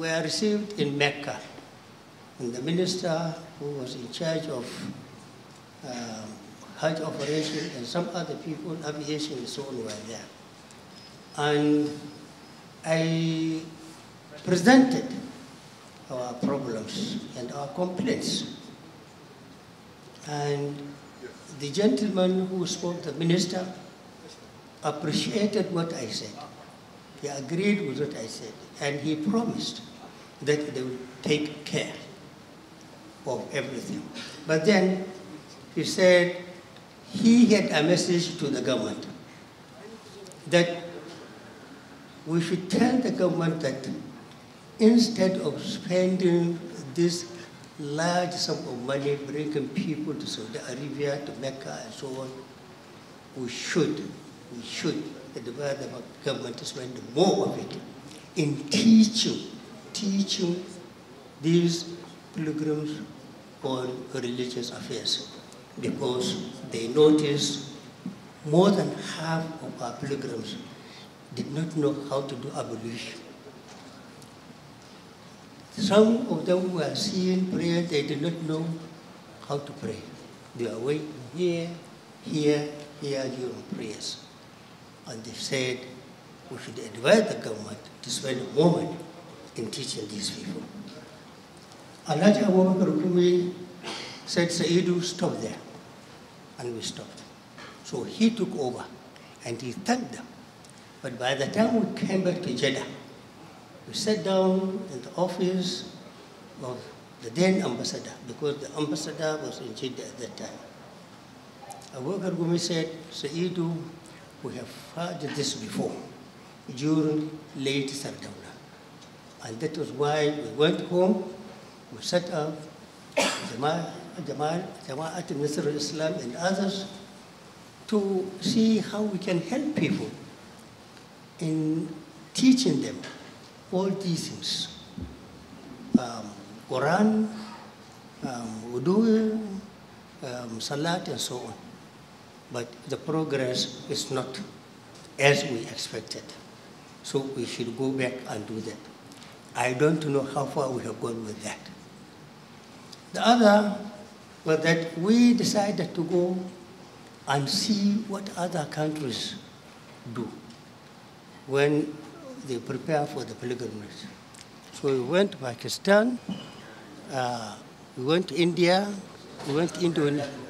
were received in Mecca. And the minister who was in charge of um, Hajj operation and some other people, aviation and so on were there. And I presented our problems and our complaints. And the gentleman who spoke, the minister, appreciated what I said. He agreed with what I said, and he promised that they would take care of everything. But then he said he had a message to the government that we should tell the government that instead of spending this large sum of money bringing people to Saudi Arabia, to Mecca, and so on, we should we should advise the government to spend more of it in teaching, teaching these pilgrims on religious affairs because they noticed more than half of our pilgrims did not know how to do ablution. Some of them were seeing prayer, they did not know how to pray. They are waiting here, here, here during prayers and they said we should advise the government to spend a moment in teaching these people. Alhaji Abubakar Kumi said, Saidu, stop there. And we stopped. So he took over and he thanked them. But by the time we came back to Jeddah, we sat down in the office of the then ambassador, because the ambassador was in Jeddah at that time. Abubakar Gumi said, Saidu, we have heard this before during late Sardauna. And that was why we went home, we set up Jama'at Jama Nasr al-Islam and others to see how we can help people in teaching them all these things. Um, Quran, um, wudu, um, salat and so on but the progress is not as we expected. So we should go back and do that. I don't know how far we have gone with that. The other was that we decided to go and see what other countries do when they prepare for the pilgrimage. So we went to Pakistan, uh, we went to India, we went to Indonesia.